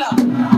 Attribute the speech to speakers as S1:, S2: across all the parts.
S1: Yeah.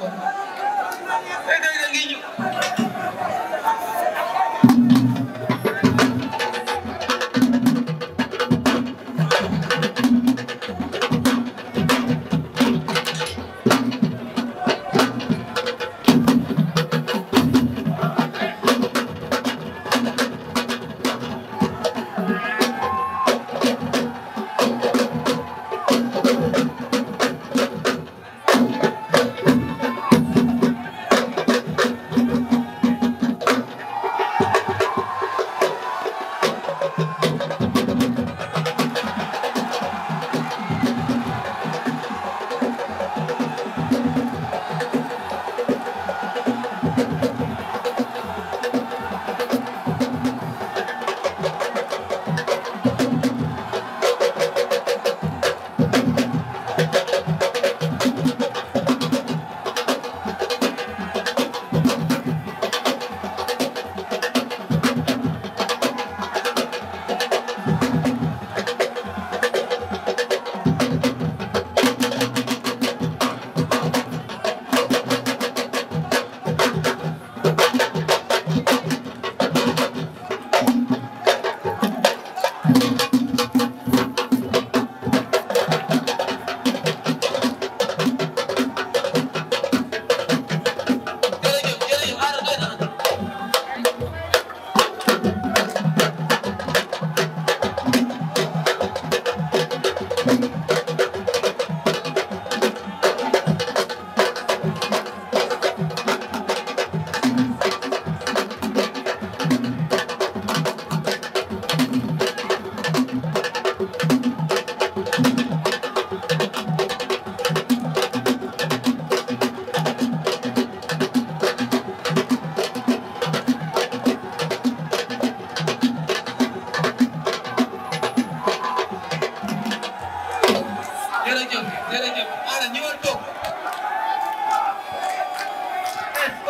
S1: ba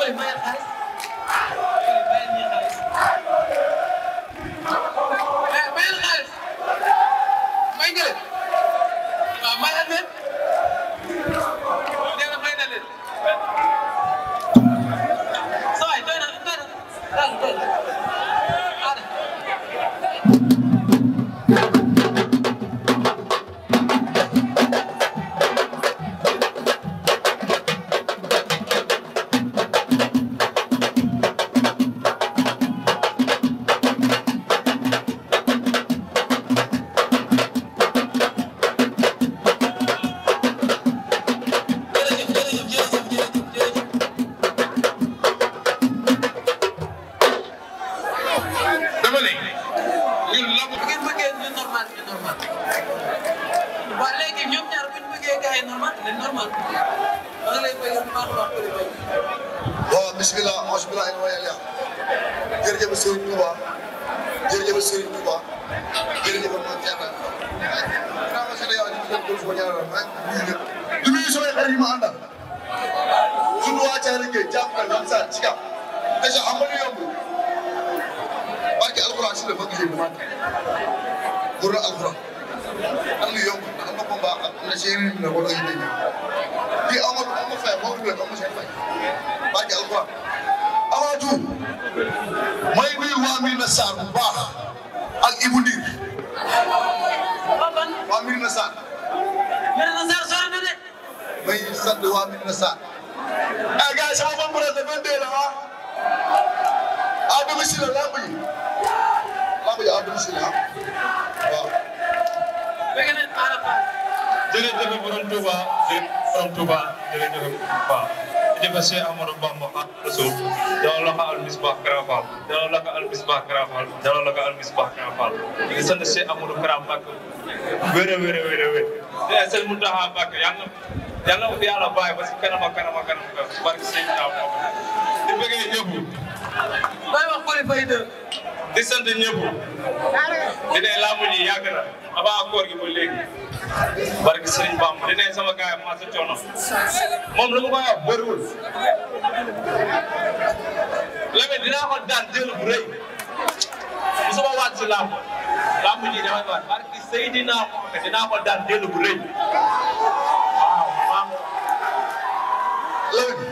S1: koy mayal xaalis mayal ñii xaalis mayal xaalis may nga leen waaw mayal leen nee na may na leen saa waay doy na doy na est normal elle est normale. maa ngi lay béy bu baax a baax kër yi. waaw bisimilah mosu bi laa indi waa Yàlla. jërëjëf Serigne Touba jërëjëf Serigne Touba jërëjëf Mame Diarra. dinaa ko seetlu yow di nga jël suba ñaareel maa ngi nuyu ñëpp. di nuyu sama xarit yi ma àndal. sunu waa Thiel Gueye jàppal Lam Sarr ci kaw. dèjà am na lu yomb. barke alxuraan si la bëgg yéen maa ngi. wóor na alxuraan. am na yokk ndax am na combat na séeréer yi ñu ne wala yu dégg lii amoon am na fay boo ko dugalee am na seen fay barke alquran avant tout may nuyu waa Mirina Sarr bu baax waa Mirina Sarr. Mirina Sarr sori na de. may sant waa Mirina Sarr. ay eh, gars yi sama bopp la de 22 la ah. à domicile la lamb yi lamb yi jërëjëf borom Touba borom Touba jërëjëf Touba jërëjëf Cheikh Amadou Bamba Xaadimu Rasuul dalal la ko al misbaax Kara Fall dalal la ko al misbaax Kara Fall dalal la ko al misbaax Kara Fall di sant Cheikh Amadou Kara Mbàkke wér a wér a wér a wér te sëñ Muntaxa Mbàkke yàlla yàlla na ko yàlla bàyyi ba si kanam ak kanam ak kanam barke sëñ Touba di bëggee ñëpp di sant ñëpp di ne laamu ñi yàgg na avant koor gi ba léegi barke Sëriñ Bamba di ne sama gaay ma sa coono moom lu mu koy wax bëriwul Lamine dinaa ko daan jël bu rëy bu sama waat si laamu laamu ñi damay waat barke Seydina Muhammad dinaa ko daan jël bu rëy waaw maam Lamine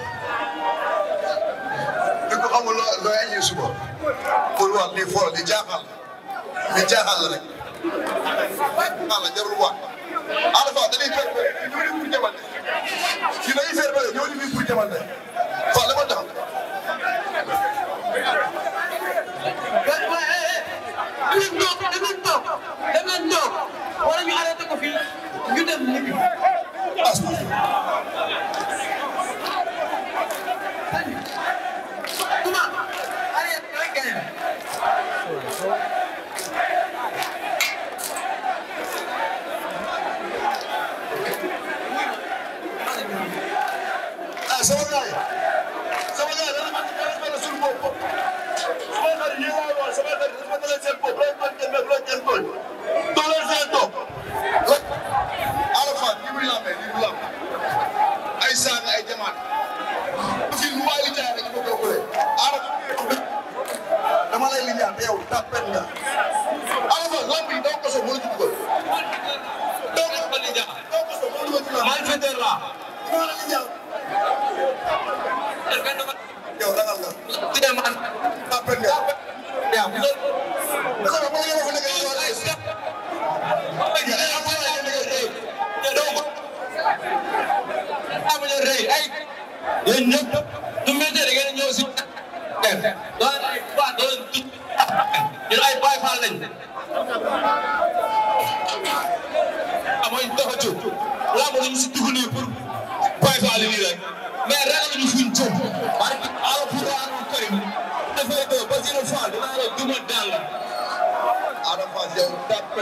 S1: loo looy añee suba pour wax lii foo li jaaxal li jaaxal la rek jaaxal la jarul wax Alpha dañuy fer bëri ñoo di pour jamante ci dañuy fer bëri ñoo di pour jamante fa la ma tax dafa toog dafa toog dafa sama gaay sama gaay dana man dana man suñu bopp sama xarit yi laa woon sama xarit dafa dalee seen bopp rek man kenn rek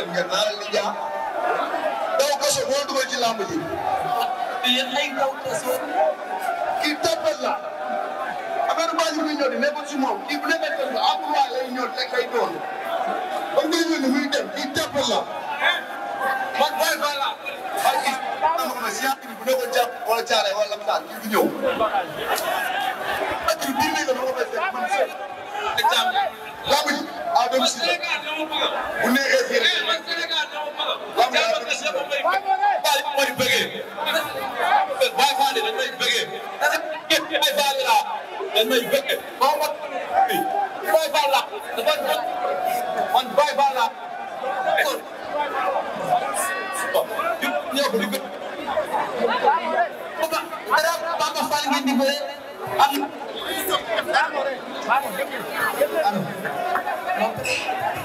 S1: Mouhamed Nguene naa leen di jaa daw kaso moo dugal ci làmb ji. mais yéen ay daw kaso. kii toppal la affaire bâche bi muy ñëw di nekkul si moom kii bu nekkee tool bi ab waa lay ñëw rek lay doon ba muy ñëw ni muy dem kii toppal la man booy ba la man kii dama ko ma si yàq bi bu nekkoon jàpp wala caare wala lamtaan kii du ñëw. may bëgg ba ma bi Baye Fall la dafa man Baye Fall la ñëpp di ko papa dara papa Fall ngeen di bëre am